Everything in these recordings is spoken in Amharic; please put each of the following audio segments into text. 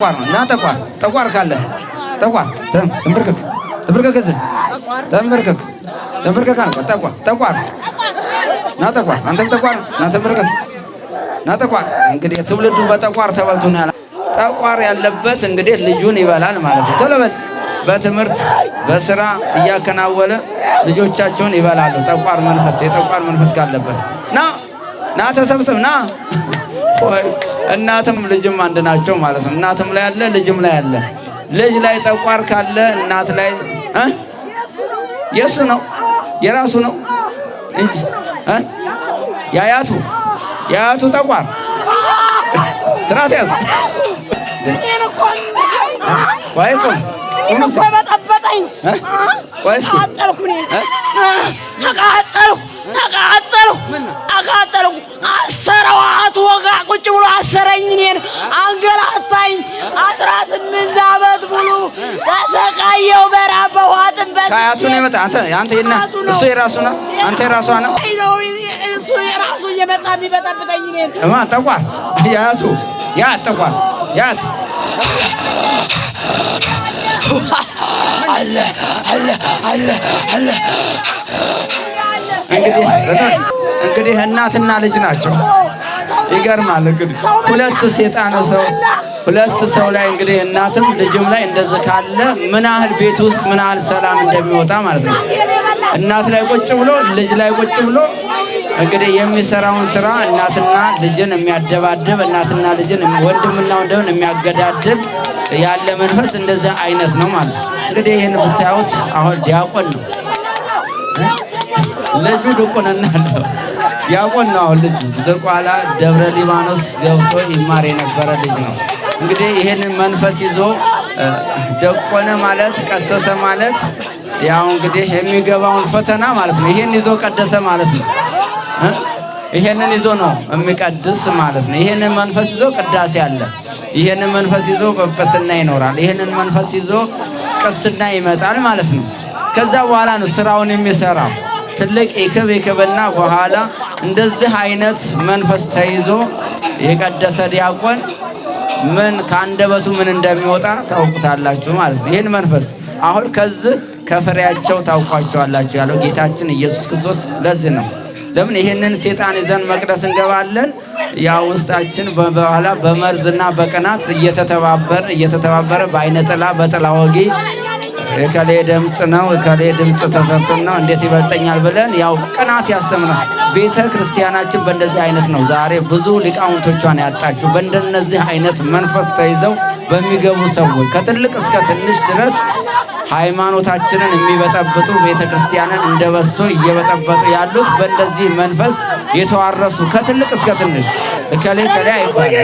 ጠቋር ነው እና ጠቋር ጠቋር ካለ ጠቋር ተንበርከክ ተንበርከክ እዚህ ተንበርከክ ተንበርከክ አንተ ጠቋር ጠቋር ና ጠቋር አንተም ጠቋር ና ተንበርከክ ና ጠቋር። እንግዲህ ትውልዱ በጠቋር ተበልቶ ነው ያለ። ጠቋር ያለበት እንግዲህ ልጁን ይበላል ማለት ነው። ቶሎ በል በትምህርት በስራ እያከናወነ ልጆቻቸውን ይበላሉ። ጠቋር መንፈስ የጠቋር መንፈስ ካለበት ና ና ተሰብስብ ና እናትም ልጅም አንድ ናቸው ማለት ነው። እናትም ላይ አለ፣ ልጅም ላይ አለ። ልጅ ላይ ጠቋር ካለ እናት ላይ የሱ ነው የራሱ ነው እንጂ የአያቱ የአያቱ ጠቋር ስርዓት ያዝ ቆይ እስኪ ተቃጠልሁ ተቃጠልሁ። አሰረው አትወጋ ቁጭ ብሎ አሰረኝ፣ እኔን አንገላታኝ። አስራ ስምንት ዓመት ሙሉ ተሰቃየው። በራበ ዋጥንበት ከአያቱ ነው የመጣ አንተ አንተ የና እሱ የራሱ ነው አንተ የራሷ ነው እሱ የራሱ እየመጣ የሚበጠብጠኝ እኔን እማ ጠቋር ያቱ ያት ጠቋር ያት አለ አለ አለ አለ እንግዲህ እንግዲህ እናትና ልጅ ናቸው። ይገርማል። እንግዲህ ሁለት ሴጣን ሰው ሁለት ሰው ላይ እንግዲህ እናትም ልጅም ላይ እንደዚህ ካለ ምን ያህል ቤት ውስጥ ምን ያህል ሰላም እንደሚወጣ ማለት ነው። እናት ላይ ቁጭ ብሎ ልጅ ላይ ቁጭ ብሎ እንግዲህ የሚሰራውን ስራ እናትና ልጅን የሚያደባድብ እናትና ልጅን ወንድምና ወንድምን የሚያገዳድል ያለ መንፈስ እንደዚህ አይነት ነው ማለት እንግዲህ ይህን ብታዩት አሁን ዲያቆን ነው ልጁ ድቁንና አለው ዲያቆን ነው። ልጁ ዘቋላ ደብረ ሊባኖስ ገብቶ ይማር የነበረ ልጅ ነው። እንግዲህ ይህንን መንፈስ ይዞ ደቆነ ማለት ቀሰሰ ማለት ያው እንግዲህ የሚገባውን ፈተና ማለት ነው። ይሄን ይዞ ቀደሰ ማለት ነው። ይሄንን ይዞ ነው የሚቀድስ ማለት ነው። ይሄንን መንፈስ ይዞ ቅዳሴ አለ። ይሄንን መንፈስ ይዞ ጵጵስና ይኖራል። ይሄንን መንፈስ ይዞ ቅስና ይመጣል ማለት ነው። ከዛ በኋላ ነው ስራውን የሚሰራው። ትልቅ ኢክብ ኢክብና በኋላ እንደዚህ አይነት መንፈስ ተይዞ የቀደሰ ዲያቆን ምን ከአንደበቱ ምን እንደሚወጣ ታውቁታላችሁ ማለት ነው። ይህን መንፈስ አሁን ከዚህ ከፍሬያቸው ታውቋቸዋላችሁ ያለው ጌታችን ኢየሱስ ክርስቶስ ለዚህ ነው። ለምን ይህንን ሴጣን ይዘን መቅደስ እንገባለን? ያ ውስጣችን በኋላ በመርዝና በቅናት እየተተባበረ እየተተባበረ በአይነ ጥላ በጥላ ወጊ የከሌ ድምፅ ነው እከሌ ድምፅ ተሰርቶና ነው እንዴት ይበልጠኛል ብለን ያው ቅናት ያስተምራል። ቤተ ክርስቲያናችን በእንደዚህ አይነት ነው ዛሬ ብዙ ሊቃውንቶቿን ያጣችው። በእንደነዚህ አይነት መንፈስ ተይዘው በሚገቡ ሰዎች ከትልቅ እስከ ትንሽ ድረስ ሃይማኖታችንን የሚበጠብጡ ቤተ ክርስቲያንን እንደ በሶ እየበጠበጡ ያሉት በእንደዚህ መንፈስ የተዋረሱ ከትልቅ እስከ ትንሽ እከሌ ከሌ አይባል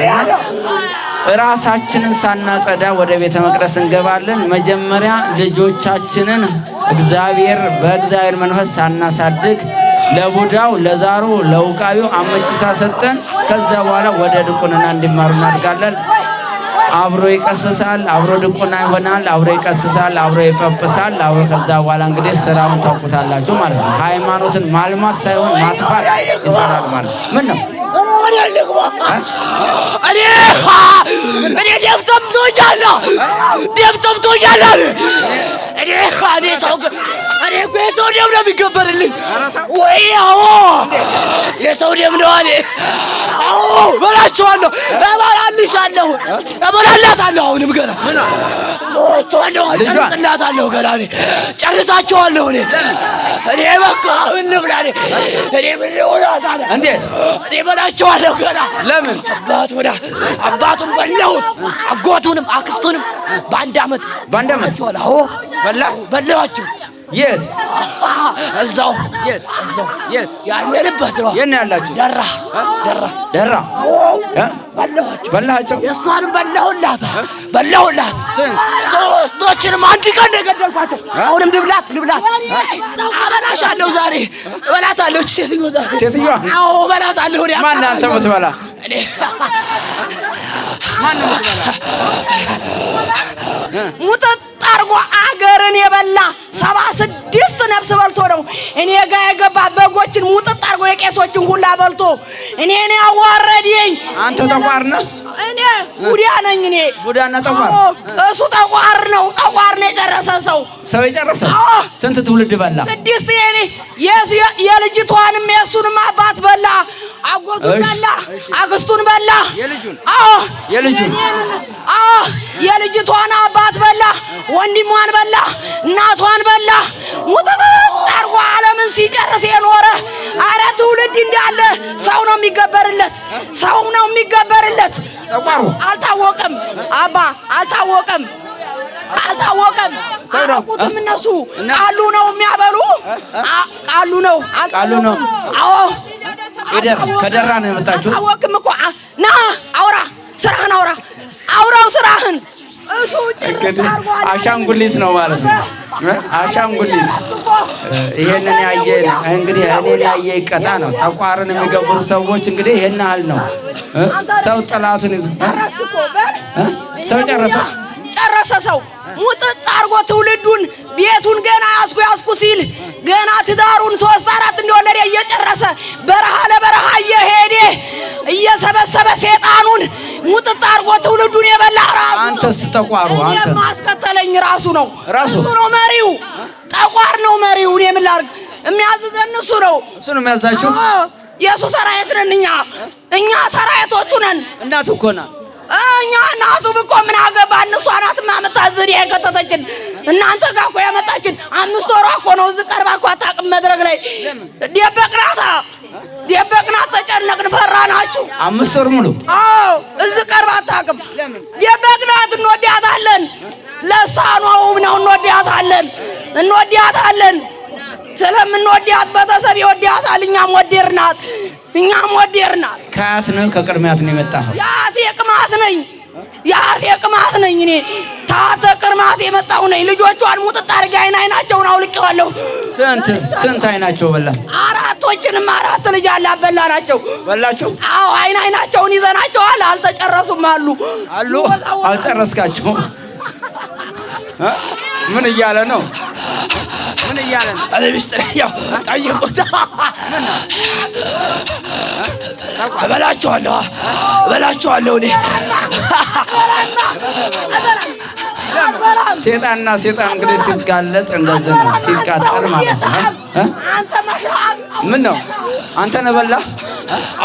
ራሳችንን ሳናጸዳ ወደ ቤተ መቅደስ እንገባለን። መጀመሪያ ልጆቻችንን እግዚአብሔር በእግዚአብሔር መንፈስ ሳናሳድግ ለቡዳው፣ ለዛሩ፣ ለውቃቢው አመቺ ሳሰጠን ከዛ በኋላ ወደ ድቁንና እንዲማሩ እናድጋለን። አብሮ ይቀስሳል፣ አብሮ ድቁና ይሆናል፣ አብሮ ይቀስሳል፣ አብሮ ይፈጵሳል። አብሮ ከዛ በኋላ እንግዲህ ስራውን ታውቁታላችሁ ማለት ነው። ሃይማኖትን ማልማት ሳይሆን ማጥፋት ይሰራል ማለት ምን ነው? ደብቶኛል ደብቶኛል እኔ እኔ ሰው እኔ እኮ የሰው ደም ነው የሚገበርልኝ። ወይ አዎ የሰው ደም ነው። እኔ አዎ በላችኋለሁ፣ እበላልሻለሁ፣ እበላላታለሁ። አሁንም ገና ዞሮችኋለሁ፣ ጨርስላታለሁ። ገና እኔ ጨርሳችኋለሁ። እኔ እኔ በቃ እንብላ። እኔ ምን ሆናታ? እንዴት እኔ በላችኋለሁ። ገና ለምን አባት ወዳ አባቱን በላሁት፣ አጎቱንም አክስቱንም በአንድ አመት በአንድ አመት ሆ በላ በላዋችሁ። የት? እዛው። የት? እዛው። የት? ያለንበት ነው። የት ነው ያላችሁ? ደራ ደራ ደራ። በላኋቸው በላኋቸው። የእሷንም በላሁላት በላሁላት። ሶስቶችንም አንድ ቀን ነው የገደልኳቸው። አሁንም ልብላት ልብላት። እበላሻለሁ ዛሬ እበላታለሁ። ሴትዮዋ ሴትዮዋ፣ አዎ እበላታለሁ። ማነህ አንተ የምትበላ? ሙጠጥ አርጎ አገርን የበላ ሰባ ስድስት ነፍስ በልቶ ነው እኔ ጋ የገባ በጎችን ሙጥጥ አርጎ የቄሶችን ሁላ በልቶ እኔን ያዋረድኝ። አንተ ተቋር ነህ። እኔ ጉዳ ነኝ። እኔ ጉዳና ተቋር፣ እሱ ተቋር ነው። ተቋር ነው የጨረሰ ሰው ሰው የጨረሰ ስንት ትውልድ በላ ስድስት የኔ የልጅቷንም የእሱንም አባት በላ አጎቱን በላ፣ አክስቱን በላ፣ የልጅቷን አባት በላ፣ ወንድሟን በላ፣ እናቷን በላ። ሙጥጥ አርጎ ዓለምን ሲጨርስ የኖረ አረ ትውልድ እንዳለ ሰው ነው የሚገበርለት፣ ሰው ነው የሚገበርለት። አልታወቀም አባ አልታወቀም። አልታወቀም። አላውቁትም። እነሱ ቃሉ ነው የሚያበሉ ቃሉ ነው ቃሉ ነው። አዎ ከደራ ነው የመጣችሁ። አልታወቅም እኮ ና አውራ፣ ስራህን አውራ፣ አውራው ስራህን እሱ እንግዲህ አሻንጉሊት ነው ማለት ነው። አሻንጉሊት ይሄንን ያየ እንግዲህ እኔን ያየ ይቀጣ ነው። ተቋርን የሚገብሩ ሰዎች እንግዲህ ይሄን ያህል ነው። ሰው ጠላቱን ይዞ ሰው ጨረሰ ጨረሰ ሰው ሙጥጥ አድርጎ ትውልዱን ቤቱን ገና ያስኩ ያስኩ ሲል ገና ትዳሩን ሶስት አራት እንደወለደ እየጨረሰ በረሃ ለበረሃ እየሄደ እየሰበሰበ ሴጣኑን ሙጥጥ አድርጎ ትውልዱን የበላ ራሱ አንተስ ተቋሩ አንተ ማስከተለኝ ራሱ ነው ራሱ ነው መሪው ጠቋር ነው መሪው እኔ ምን ላድርግ የሚያዝዘን እሱ ነው እሱ ነው የሚያዛችሁ የእሱ ሰራዊት ነን እኛ እኛ ሰራዊቶቹ ነን እናቱ እኮ ናት እኛ እናቱ ብቆ ምን አገባን? እሷ ናት ማመጣ የከተተችን እናንተ ጋር እኮ ያመጣችን አምስት ወሯ እኮ ነው። እዚህ ቀርባ እኮ አታውቅም። መድረክ ላይ ደበቅናታ ደበቅናት፣ ተጨነቅን፣ ፈራናችሁ። አምስት ወር ሙሉ አዎ፣ እዚህ ቀርባ አታውቅም። ደበቅናት። እንወዳታለን። ነው። እንወዳታለን፣ እንወዳታለን። ስለምንወዳት ቤተሰብ ይወዳታል። እኛም ወዴርናት፣ እኛም ወዴርናት ከአያት ነው ከቅድሚያት ነው የመጣኸው? የአያቴ ቅማት ነኝ። የአያቴ ቅማት ነኝ እኔ ታተ ቅርማት የመጣሁ ነኝ። ልጆቿን ሙጥጥ አድርጌ አይን አይናቸውን አውልቄዋለሁ። ስንት ስንት አይናቸው በላ? አራቶችንም አራት ልጅ አለ አበላ ናቸው በላቸው። አዎ አይን አይናቸውን ይዘናቸዋል። አልተጨረሱም አሉ አሉ አልጨረስካቸውም። ምን እያለ ነው? ምን እያለ ነው? አለ ሚስጥር ያው ጠይቁት እበላችኋለሁ፣ እበላችኋለሁ። እኔ ሴጣንና ሴጣን እንግዲህ ሲጋለጥ እንደዚህ ነው፣ ሲቃጠል ማለት ነው። ምን ነው አንተ ነህ በላ?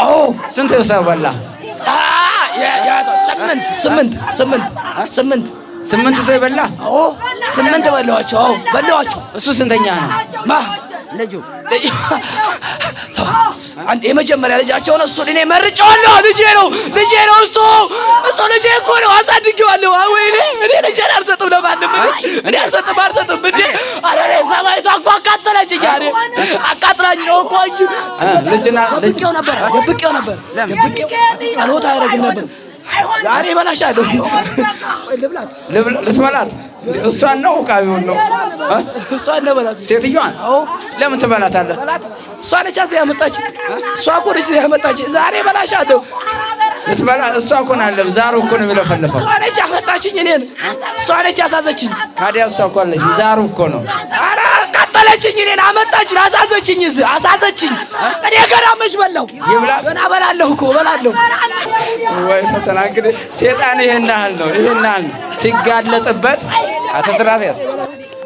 አዎ ስንት ሰው በላህ? ስምንት ስምንት ሰው ይበላ? አዎ ስምንት በላዋቸው። አዎ በላዋቸው። እሱ ስንተኛ ነው? ማ ልጁ አንድ የመጀመሪያ ልጃቸው ነው። እሱን እኔ መርጬዋለሁ። ልጄ ነው፣ ልጄ ነው። እሱ እሱ ልጄ እኮ ነው፣ አሳድጌዋለሁ። ወይኔ እኔ ልጄን አልሰጥም ለማንም፣ እኔ አልሰጥም፣ አልሰጥም። እንዴ አረሬ ሰማይቷ እኮ አቃጠለች፣ እያኔ አቃጥላኝ ነው እኮ እንጂ ልጅና ልጅው ነበር፣ ደብቄው ነበር፣ ደብቄው ጸሎት አያደርግም ነበር። ዛሬ በላሻለሁ። ልብላት፣ ልትበላት እሷን ነው ቃቢውን ነው እሷን ነው በላት። ሴትዮዋን ለምን ትበላታለህ? እሷ ነች ያመጣች። እሷ እኮ ነች ያመጣች። ዛሬ እበላሻለሁ ልትበላ እሷ እኮ ናለም ዛሩ እኮ ነው የሚለፈልፈው። እሷ ነች ያመጣችኝ እኔን። እሷ ነች ያሳዘችኝ። ታዲያ እሷ እኮ አለች ዛሩ እኮ ነው። አራ ቀበለችኝ፣ እኔን አመጣች፣ አሳዘችኝ፣ እዚህ አሳዘችኝ። እኔ ገና መች በላው ገና በላለሁ እኮ በላለሁ። ወይ ፈተና እንግዲህ ሴጣን ይሄን ያህል ነው፣ ይሄን ያህል ነው ሲጋለጥበት። አቶ ስራት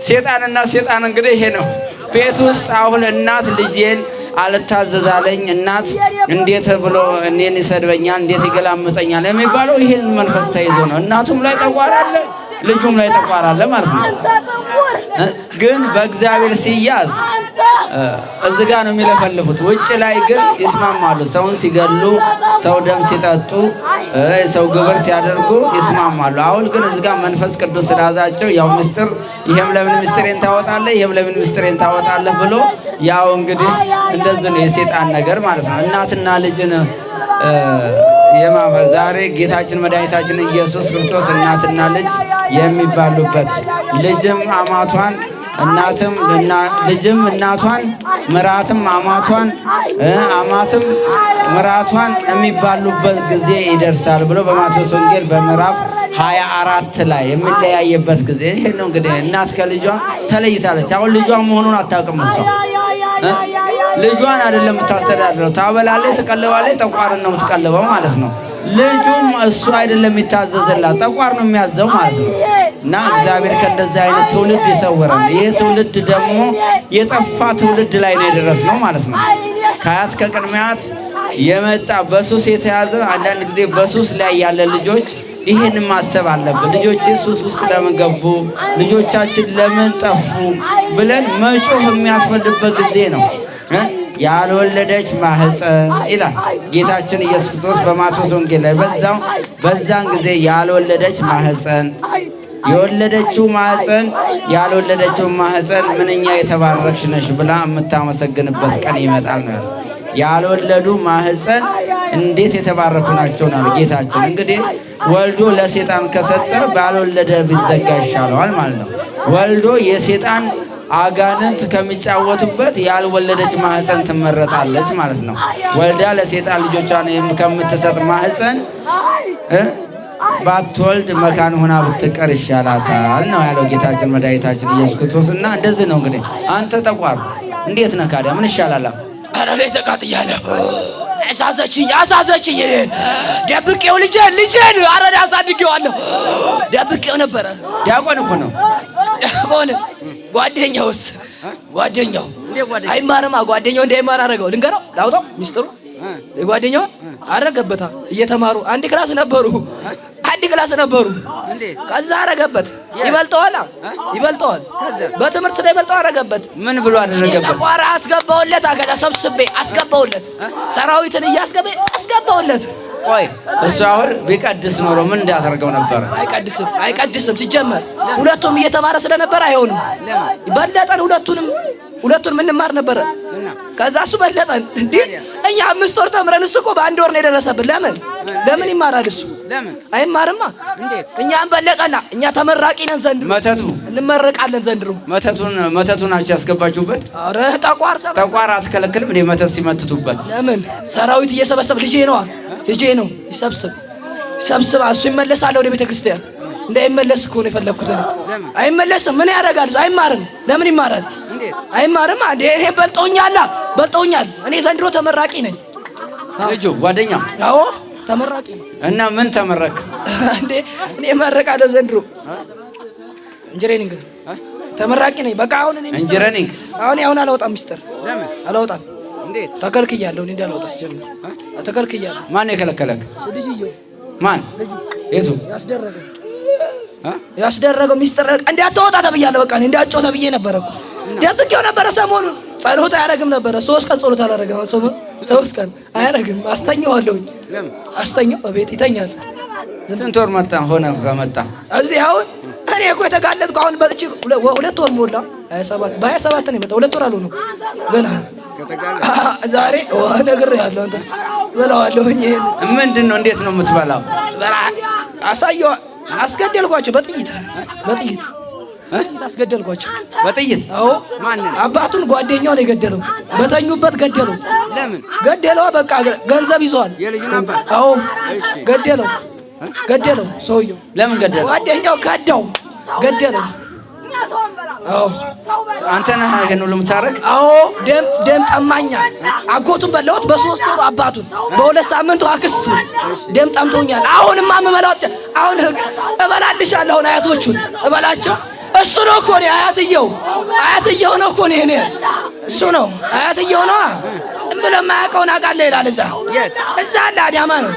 ሴጣንና ሴጣን እንግዲህ ይሄ ነው። ቤት ውስጥ አሁን እናት ልጄን አልታዘዛለኝ እናት እንዴት ብሎ እኔን ይሰድበኛል፣ እንዴት ይገላምጠኛል የሚባለው ይህን መንፈስ ተይዞ ነው። እናቱም ላይ ጠቋር ልጁም ላይ ተቋራለ ማለት ነው። ግን በእግዚአብሔር ሲያዝ እዚህ ጋር ነው የሚለፈልፉት። ውጭ ላይ ግን ይስማማሉ። ሰውን ሲገሉ፣ ሰው ደም ሲጠጡ፣ ሰው ግብር ሲያደርጉ ይስማማሉ። አሁን ግን እዚህ ጋር መንፈስ ቅዱስ ስላዛቸው ያው ምስጢር ይሄም ለምን ምስጢሬን ታወጣለህ፣ ይሄም ለምን ምስጢሬን ታወጣለህ ብሎ ያው እንግዲህ እንደዚህ ነው የሴጣን ነገር ማለት ነው እናትና ልጅን ዛሬ ጌታችን መድኃኒታችን ኢየሱስ ክርስቶስ እናትና ልጅ የሚባሉበት ልጅም አማቷን እናትም ልጅም እናቷን ምራትም አማቷን አማትም ምራቷን የሚባሉበት ጊዜ ይደርሳል ብሎ በማቴዎስ ወንጌል በምዕራፍ ሀያ አራት ላይ የሚለያየበት ጊዜ ይሄ ነው። እንግዲህ እናት ከልጇ ተለይታለች። አሁን ልጇ መሆኑን አታውቅም እሷ ልጇን አይደለም የምታስተዳድረው። ታበላለች፣ ትቀልባለች። ጠቋር ነው የምትቀልበው ማለት ነው። ልጁም እሱ አይደለም የሚታዘዝላት፣ ጠቋር ነው የሚያዘው ማለት ነው። እና እግዚአብሔር ከእንደዚህ አይነት ትውልድ ይሰውረን። ይህ ትውልድ ደግሞ የጠፋ ትውልድ ላይ ነው ነው ማለት ነው። ከአያት ከቅድሚያት የመጣ በሱስ የተያዘ አንዳንድ ጊዜ በሱስ ላይ ያለ ልጆች ይህን ማሰብ አለብን። ልጆቼ ሱስ ውስጥ ለምን ገቡ? ልጆቻችን ለምን ጠፉ? ብለን መጮህ የሚያስፈልበት ጊዜ ነው። ያልወለደች ማህፀን ይላል ጌታችን ኢየሱስ ክርስቶስ በማቴዎስ ወንጌል ላይ። በዛው በዛን ጊዜ ያልወለደች ማህፀን የወለደችው ማህፀን ያልወለደችው ማህፀን ምንኛ የተባረክሽ ነሽ ብላ የምታመሰግንበት ቀን ይመጣል ነው። ያልወለዱ ማህፀን እንዴት የተባረኩ ናቸው ነው ጌታችን። እንግዲህ ወልዶ ለሴጣን ከሰጠ ባልወለደ ቢዘጋ ይሻለዋል ማለት ነው። ወልዶ የሴጣን አጋንንት ከሚጫወቱበት ያልወለደች ማህፀን ትመረጣለች ማለት ነው። ወልዳ ለሴጣን ልጆቿን ከምትሰጥ ማህፀን ባትወልድ መካን ሆና ብትቀር ይሻላታል ነው ያለው ጌታችን መድኃኒታችን ኢየሱስ ክርስቶስ። እና እንደዚህ ነው እንግዲህ አንተ ጠቋር እንዴት ነህ ካዲያ ምን ይሻላል? አረ እኔ ተቃጥያለሁ አሳዘችኝ አሳዘችኝ። እኔን ደብቄው ልጄን ልጄን አረዳ አሳድጌዋለሁ። ደብቄው ነበረ። ዲያቆን እኮ ነው ዲያቆን። ጓደኛውስ ጓደኛው አይማርማ። ጓደኛው እንዳይማር አደረገው። ልንገረው፣ ላውጣው ሚስጥሩ። ጓደኛው አረገበታ። እየተማሩ አንድ ክላስ ነበሩ። ከአዲ ክላስ ነበሩ። ከዛ አረገበት። ይበልጠዋል ይበልጠዋል። በትምህርት ስለ ይበልጠው አረገበት። ምን ብሎ አደረገበት? ቋራ አስገባውለት። አገዳ ሰብስቤ አስገባውለት። ሰራዊትን እያስገባ አስገባውለት። ቆይ እሱ አሁን ቢቀድስ ኖሮ ምን እንዳደረገው ነበረ? አይቀድስም፣ አይቀድስም። ሲጀመር ሁለቱም እየተማረ ስለነበረ አይሆንም። በለጠን። ሁለቱንም ሁለቱን ምንማር ነበረ። ከዛ እሱ በለጠን። እንዴ እኛ አምስት ወር ተምረን እሱ እኮ በአንድ ወር ነው የደረሰብን። ለምን ለምን ይማራል እሱ ለምን አይማርማ? እንዴት እኛ እንበለጠና እኛ ተመራቂ ነን ዘንድሮ። መተቱ እንመረቃለን ዘንድሮ። መተቱን መተቱን ናቸው ያስገባችሁበት። ኧረ ጠቋር ጠቋር አትከለክልም እንዴ? መተት ሲመትቱበት ለምን ሰራዊት እየሰበሰብ ልጄ ነዋ ልጄ ነው። ይሰብስብ ይሰብስብ፣ እሱ ይመለሳል ወደ ቤተ ክርስቲያን። እንዳይመለስ እኮ ነው የፈለግኩት። አይመለስም። ምን ያደርጋል? አይማርም። ለምን ይማራል? አይማርም። አንዴ እኔ በልጦኛል፣ በልጦኛል። እኔ ዘንድሮ ተመራቂ ነኝ። ልጁ ጓደኛ አዎ ተመራቂ እና ምን ተመረክ እንዴ? እኔ መረቃለሁ ዘንድሮ ኢንጂነሪንግ ተመራቂ ነኝ። በቃ አሁን እኔ ኢንጂነሪንግ አሁን አሁን አላወጣም፣ ሚስጥር አላወጣም። እንዴት ተከልክያለሁ? እኔ እንዳላወጣ ስጀምር ተከልክያለሁ። ማን የከለከለክ? ልጅየው ማን የቱ ያስደረገ ያስደረገው ሚስጥር እንዳትወጣ ተብያለሁ። በቃ እኔ እንዳትጮህ ተብዬ ነበረ እኮ ደብቄው ነበረ። ሰሞኑን ጸሎት አያደርግም ነበረ። ሶስት ቀን ጸሎት አላደረገም ሶስት ቀን አያረግም። አስተኛዋለሁኝ። አስተኛው እቤት ይተኛል። ስንት ወር መጣ ሆነ ከመጣ እዚህ አሁን እኔ እኮ የተጋለጥኩ አሁን መጥቼ ሁለት ወር ሞላ። ሀያ ሰባት በሀያ ሰባት ነው የመጣ ሁለት ወር ነው ገና ዛሬ ነግር ያለው አንተ በላዋለሁኝ። ይሄን ምንድን ነው እንዴት ነው የምትበላው? አሳየዋ አስገደልኳቸው በጥይት በጥይት አስገደልኳቸው በጥይት። አዎ ማንን? አባቱን ጓደኛውን የገደለው በተኙበት ገደለው። ለምን ገደለው? በቃ ገንዘብ ይዘዋል። አዎ ገደለው፣ ገደለው። ሰውየው ለምን ገደለው? ጓደኛው ከዳው፣ ገደለው። አዎ አንተ ነህ ይሄን ሁሉ የምታረግ? አዎ ደም ደም ጠማኛ። አጎቱን በለውት በሶስት ወሩ አባቱን በሁለት ሳምንቱ አክስቱ ደም ጠምቶኛል። አሁንማ የምበላው አሁን እበላልሻለሁ። አሁን አያቶቹን እበላቸው እሱ ነው እኮ እኔ አያትየው አያትየው ነው እኮ እኔ እኔ እሱ ነው አያትየው ነው። ዝም ብሎ የማያውቀውን አውቃለሁ ይላል። እዛ እዛ አለ አዳማ ነው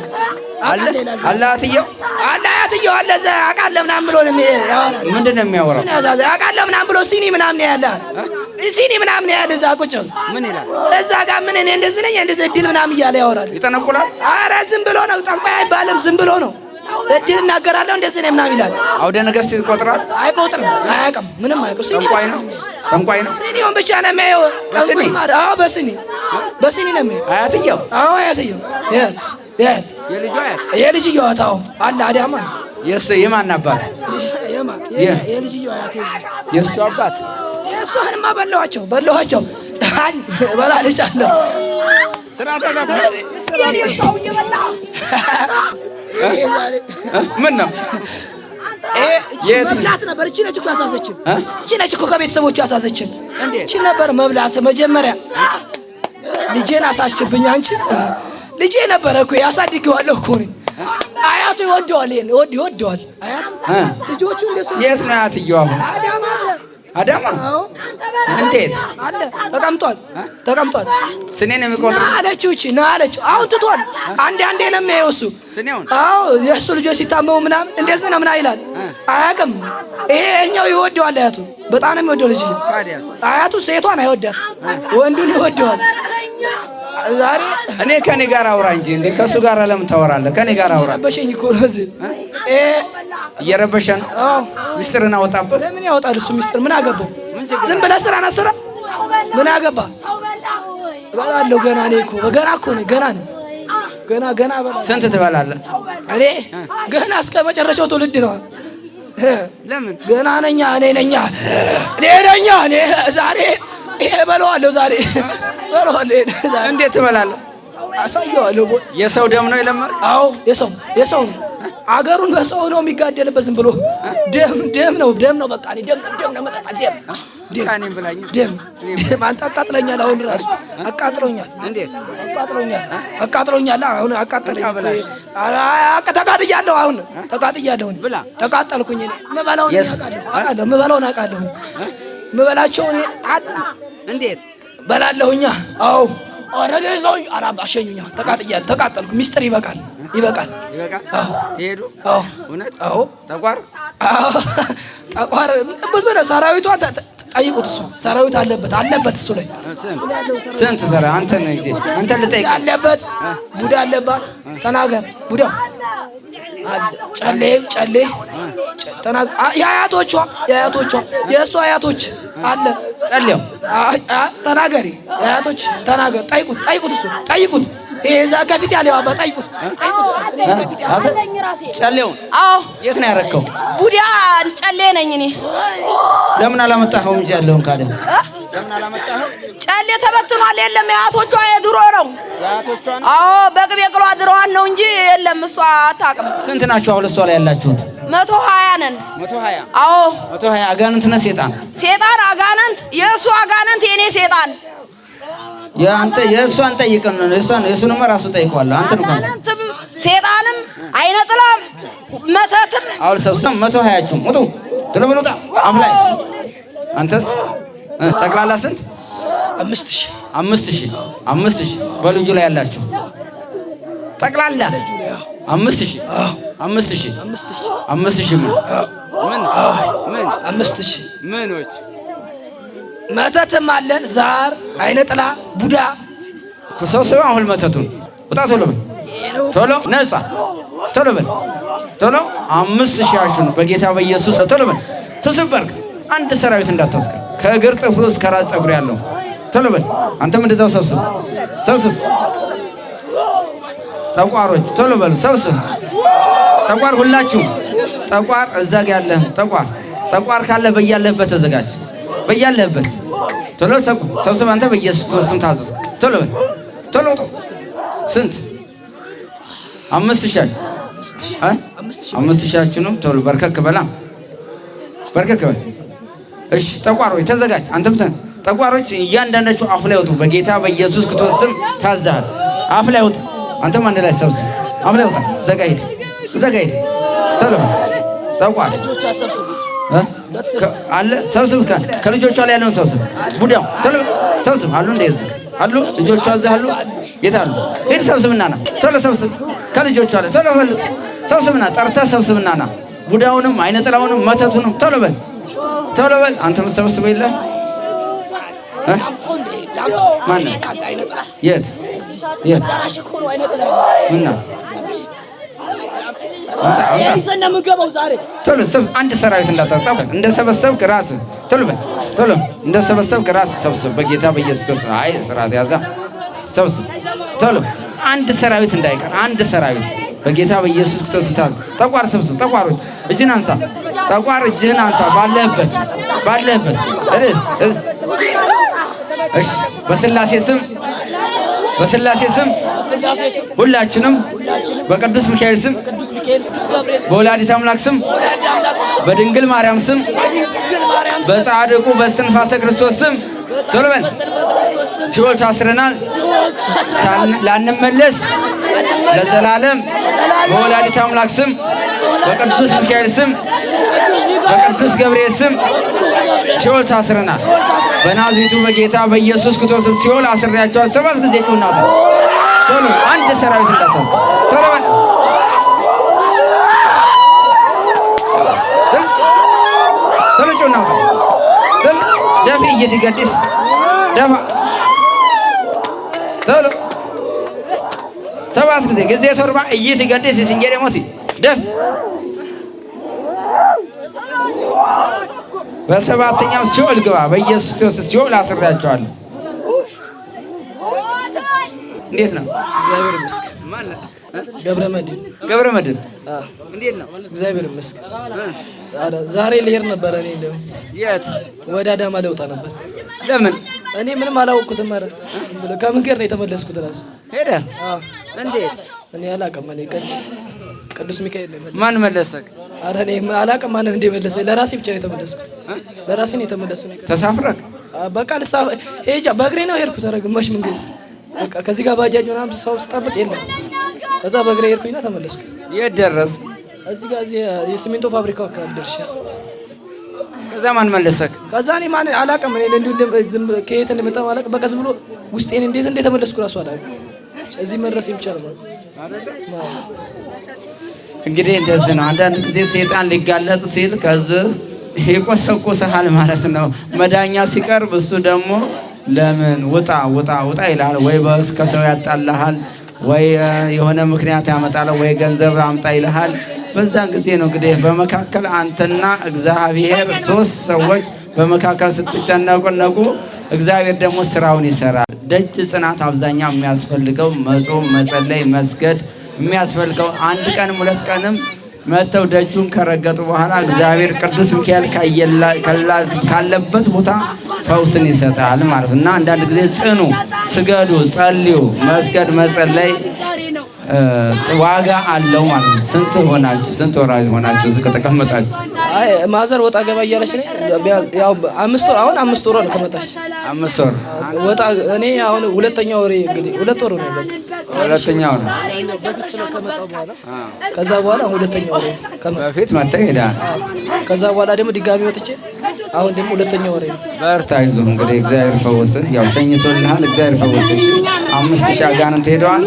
አለ አያትየው አለ አያትየው አለ እዛ አውቃለሁ ምናምን ብሎ ነው ምንድን ነው የሚያወራው? አውቃለሁ ምናምን ብሎ ሲኒ ምናምን ያለ ሲኒ ምናምን ያለ እዛ ቁጭ ምን ይላል? እዛ ጋር ምን እኔ እንደዚህ ነኝ እንደዚህ እድል ምናምን እያለ ያወራል፣ ይጠነቁላል። ኧረ ዝም ብሎ ነው ጠንቋይ አይባልም፣ ዝም ብሎ ነው እድል እናገራለሁ እንደዚህ ነው ምናምን ይላል። አውደ ነገስት ይቆጥራል አይቆጥርም? አያውቅም፣ ምንም አያውቅም። ጠንቋይ ነው፣ ጠንቋይ ነው። ብቻ ነው የሚያየው። በሲኒ አዎ፣ ነው የሚያየው። አያትየው አዎ፣ አያትየው የልጁ አያት አለ አዳማ የማን አባት ስራ ምን ነው መብላት ነበር። እቺ ነች እኮ ያሳዘችን። እቺ ነች እኮ ከቤተሰቦቹ ያሳዘችን። እቺ ነበር መብላት መጀመሪያ። ልጄን አሳሽብኝ አንቺ። ልጄ ነበረ እኮ ያሳድገዋለሁ እኮ እኔ። አያቱ ይወደዋል፣ ይወደዋል አያቱ። ልጆቹ እንደሱ የት ነው አያትየዋ? አዳማ እንዴት አለ ተቀምጧል፣ ተቀምጧል። ነው የሚቆጥሩት አለችው። እቺ ና አለችው። አሁን ትቷል። አንዴ አንዴ ነው የሚያየው እሱ ስኔውን። አዎ የእሱ ልጆች ሲታመሙ ምናምን እንደዚህ ነው ምና ይላል። አያውቅም። ይሄ እኛው ይወደዋል። አያቱ በጣም ነው የሚወደው ልጅ። አያቱ ሴቷን አይወዳትም፣ ወንዱን ይወደዋል። ዛሬ እኔ ከኔ ጋር አውራ እንጂ እንዴ ከሱ ጋር ለምን ታወራለህ? ከኔ ጋር አውራ። ረበሸኝ እኮ ነው እዚህ እ እየረበሸ ነው። አዎ ሚስጥርን አወጣበት። ለምን ያወጣል እሱ ሚስጥር? ምን አገባው? ዝም ብለህ ስራ ና ስራ። ምን አገባ? እበላለሁ ገና እኔ እኮ ገና እኮ ነኝ ገና ነኝ ገና ገና። ስንት ትበላለህ? እኔ ገና እስከ መጨረሻው ትውልድ ነው። ለምን ገና ነኛ እኔ ነኛ እኔ ነኛ እኔ ዛሬ ይሄ ዛሬ እንዴት ትበላለህ? አሳየዋለሁ። የሰው ደም ነው የለመድክ? አዎ የሰው የሰው ነው። አገሩን በሰው ነው የሚጋደልበት። ዝም ብሎ ደም ደም ነው ደም ነው። በቃ ደም ደም ነው መጠጣ ደም ደም ደም። አንተ አቃጥለኛል። አሁን ራሱ አቃጥሎኛል። እንዴት አቃጥሎኛል? አቃጥሎኛል። አሁን አቃጥለኝ። ተቃጥያለሁ። አሁን ተቃጥያለሁ። ብላ ተቃጠልኩኝ። እኔ የምበላውን አውቃለሁ። የምበላውን አውቃለሁ። የምበላቸው እኔ እንዴት በላለሁኛ። አዎ ኦረዲ ሰው አራብ አሸኙኛ። ተቃጥያ ተቃጠልኩ። ሚስጥር ይበቃል፣ ይበቃል። አዎ ትሄዱ። አዎ እውነት። አዎ ጠቋር፣ አዎ ጠቋር ብዙ ነው ሰራዊቷ ጠይቁት። እሱ ሰራዊት አለበት አለበት እሱ ላይ ስንት ሰራ አንተ አንተ ልጠይቅ አለበት ቡዳ አለባ ተናገር። ቡዳ ጨሌ ጨሌ ተናገር። የአያቶቿ የአያቶቿ የእሱ አያቶች አለ ጨሌው ተናገሪ የአያቶች ተናገር። ጠይቁት ጠይቁት እሱ ጠይቁት እዛ ከፊት ያለው አባ ጠይቁት፣ ጠይቁት። ጨሌውን አዎ፣ የት ነው ያረከው? ቡዲያ ጨሌ ነኝ እኔ። ለምን አላመጣኸውም? እንጂ ያለውን ካለ ለምን አላመጣኸው? ጨሌ ተበትኗል፣ የለም። የአቶቿ የድሮ ነው። አዎ፣ በቅቤ ቅሏ ድሮዋን ነው እንጂ የለም፣ እሷ አታውቅም። ስንት ናችሁ አሁን እሷ ላይ ያላችሁት? መቶ ሀያ ነን። መቶ ሀያ አዎ፣ መቶ ሀያ አጋንንት ነህ። ሴጣን ሴጣን አጋንንት፣ የእሱ አጋንንት፣ የእኔ ሴጣን ያንተ የእሷን ጠይቀን ነው እሷን እሱንማ ራሱ ጠይቀዋል። አንተ ነው ሴጣንም አይነ ጥላም መተትም አሁን ሰው ሰው መቶ ሀያችሁም ውጡ አፍ ላይ አንተስ ጠቅላላ ስንት? አምስት ሺህ አምስት ሺህ አምስት ሺህ በልጁ ላይ ያላችሁ ጠቅላላ አምስት ሺህ አምስት ሺህ አምስት ሺህ ምን ምን ምን አምስት ሺህ ምኖች መተትም አለን ዛር፣ አይነ ጥላ፣ ቡዳ ሰው አሁን መተቱ ወጣ ቶሎ በል ቶሎ፣ ነጻ ቶሎ በል ቶሎ። አምስት ሺህ አሹን በጌታ በኢየሱስ ቶሎ በል ስብስብ አንድ ሰራዊት እንዳታስቀር ከእግር ጥፍሩ እስከ ራስ ፀጉር ያለው ቶሎ በል። አንተም እንደዛው ሰብስብ ሰብስብ። ጠቋሮች ቶሎ በሉ ሰብስብ። ጠቋር ሁላችሁ ጠቋር፣ እዛ ጋር ያለህም ጠቋር ጠቋር ካለ በያለህበት ተዘጋጅ። በያለህበት ቶሎ ሰብስብ። አንተ በኢየሱስ ክርስቶስ ስም ታዘዝ። ቶሎ ቶሎ ስንት አምስት ሺህ አምስት ሺያችሁንም ቶሎ በርከክ በላ በርከክ በላ። እሺ ጠቋሮች ተዘጋጅ። አንተ ብተን ጠቋሮች እያንዳንዳችሁ አፍ ላይ ወጡ። በጌታ በኢየሱስ ክርስቶስ ስም ታዘሃል። አፍ ላይ ወጣ። አንተም አንድ ላይ ሰብስብ። አፍ ላይ ወጣ። ዘጋ ሂድ፣ ዘጋ ሂድ። ቶሎ ጠቋር አለ ሰብስብ፣ ከልጆቿ ላይ ያለውን ሰብስብ፣ ቡዳው ቶሎ ሰብስብ። አሉ እንደ እዚህ አሉ ልጆቿ እዚህ አሉ፣ የት አሉ? ሂድ ሰብስብና ና ቶሎ ሰብስብ፣ ከልጆቿ ላይ ቶሎ ፈልጥ፣ ሰብስብና ጠርተህ ሰብስብና ና ቡዳውንም አይነ መተቱንም ቶሎ በል ቶሎ በል። አንተ የምትሰበስበው የለ ማነው? የት የት ምና ቶሎ አንድ ሰራዊት እንዳታጣ እንደ ሰበሰብክ ራስ ቶሎ በል ቶሎ እንደ ሰበሰብክ ራስ ሰብስብ። በጌታ በኢየሱስ ክርስቶስ አይ ስርዓት ያዛ ሰብስብ ቶሎ አንድ ሰራዊት እንዳይቀር አንድ ሰራዊት በጌታ በኢየሱስ ክርስቶስ ታል ጠቋር ሰብስብ። ጠቋሮች እጅን አንሳ። ጠቋር እጅህን አንሳ። ባለህበት ባለህበት እሺ በስላሴ ስም በስላሴ ስም ሁላችንም በቅዱስ ሚካኤል ስም በወላዲት አምላክ ስም በድንግል ማርያም ስም በጻድቁ በስትንፋሰ ክርስቶስ ስም ቶሎ በል። ሲኦል ታስረናል ላንመለስ ለዘላለም በወላዲት አምላክ ስም በቅዱስ ሚካኤል ስም በቅዱስ ገብርኤል ስም ሲኦል ታስረናል። በናዝሪቱ በጌታ በኢየሱስ ክርስቶስ ሲሆን አስሬያቸዋል። ሰባት ጊዜ ጩና ቶሎ አንድ ሰራዊት እንዳታዝ ቶሎ ቶሎ ቶሎ ደፊ እየትገድስ ደፋ ቶሎ ሰባት ጊዜ ጊዜ ቶርባ እየትገድስ ሲንጌሬ ደሞቲ ደፍ በሰባተኛው ሲኦል ግባ። በኢየሱስ ክርስቶስ ሲኦል አስሬያቸዋለሁ። እንዴት ነው? እግዚአብሔር ይመስገን። ገብረ መድን ገብረ መድን እንዴት ነው? እግዚአብሔር ይመስገን። ዛሬ ልሄድ ነበር እኔ እንደው የት? ወደ አዳማ ልወጣ ነበር። ለምን? እኔ ምንም አላወቅኩትም። ኧረ ከመንገድ ነው የተመለስኩት። እራሱ ሄደህ እንዴት? እኔ አላውቅም። እኔ ቀን ቅዱስ ሚካኤል ነው። ማን መለሰክ? አረ እኔ አላውቅም ማን መለሰ ለራሴ ብቻ ነው የተመለስኩት። ለራሴ ነው የተመለስኩት። ተሳፍረክ? በቃ ሄጃ በእግሬ ነው ሄድኩት። ኧረ ግማሽ መንገድ በቃ ከዚህ ጋር ባጃጅ ምናምን ሰው ስጠብቅ የለም። ከዛ በእግሬ ሄድኩኝና ተመለስኩ። የት ደረስክ? እዚህ ጋር እዚህ የሲሚንቶ ፋብሪካው አካባቢ ደርሻለሁ። ከዛ ማን መለሰክ? ከዛ እኔ ማን አላውቅም። እኔ እንዲሁ ዝም ከየት እንደመጣ አላውቅም። በቃ ዝም ብሎ ውስጤን እንዴት እንደተመለስኩ እራሱ አላውቅም። እዚህ መድረስ ይምቻል ማለት ነው። እንግዲህ እንደዚህ ነው። አንዳንድ ጊዜ ሴጣን ሊጋለጥ ሲል ከዚህ ይቆሰቁሰሃል ማለት ነው። መዳኛ ሲቀርብ እሱ ደግሞ ለምን ውጣ ውጣ ውጣ ይላል። ወይ በስ ከሰው ያጣልሃል፣ ወይ የሆነ ምክንያት ያመጣል፣ ወይ ገንዘብ አምጣ ይልሃል። በዛን ጊዜ ነው እንግዲህ በመካከል አንተና እግዚአብሔር ሶስት ሰዎች በመካከል ስትጨነቁነቁ እግዚአብሔር ደግሞ ስራውን ይሰራል። ደጅ ጽናት አብዛኛው የሚያስፈልገው መጾም፣ መጸለይ፣ መስገድ የሚያስፈልገው አንድ ቀንም ሁለት ቀንም መጥተው ደጁን ከረገጡ በኋላ እግዚአብሔር ቅዱስ ሚካኤል ካለበት ቦታ ፈውስን ይሰጣል ማለት እና አንዳንድ ጊዜ ጽኑ፣ ስገዱ፣ ጸልዩ። መስገድ መጸለይ ዋጋ አለው ማለት ነው። ስንት ሆናችሁ ስንት ወራጅ ሆናችሁ እዚህ ከተቀመጣችሁ? አይ ማዘር ወጣ ገባ እያለች ነው። ያው አምስት ወር አሁን አምስት ወር ነው ከመጣች አምስት ወር ወጣ። እኔ አሁን ሁለተኛ ወር እንግዲህ ሁለት ወር ነው በቃ ሁለተኛ ወር ከዛ በኋላ ሁለተኛ ወር በፊት መጣ ይሄዳል። ከዛ በኋላ ደግሞ ድጋሚ ወጥቼ አሁን ደግሞ ሁለተኛ ወር ነው። በርታ ይዞ እንግዲህ እግዚአብሔር ፈወሰ። ያው ሸኝቶልሃል። እግዚአብሔር ፈወሰ። አምስት ሺህ አጋንንት ሄደዋል።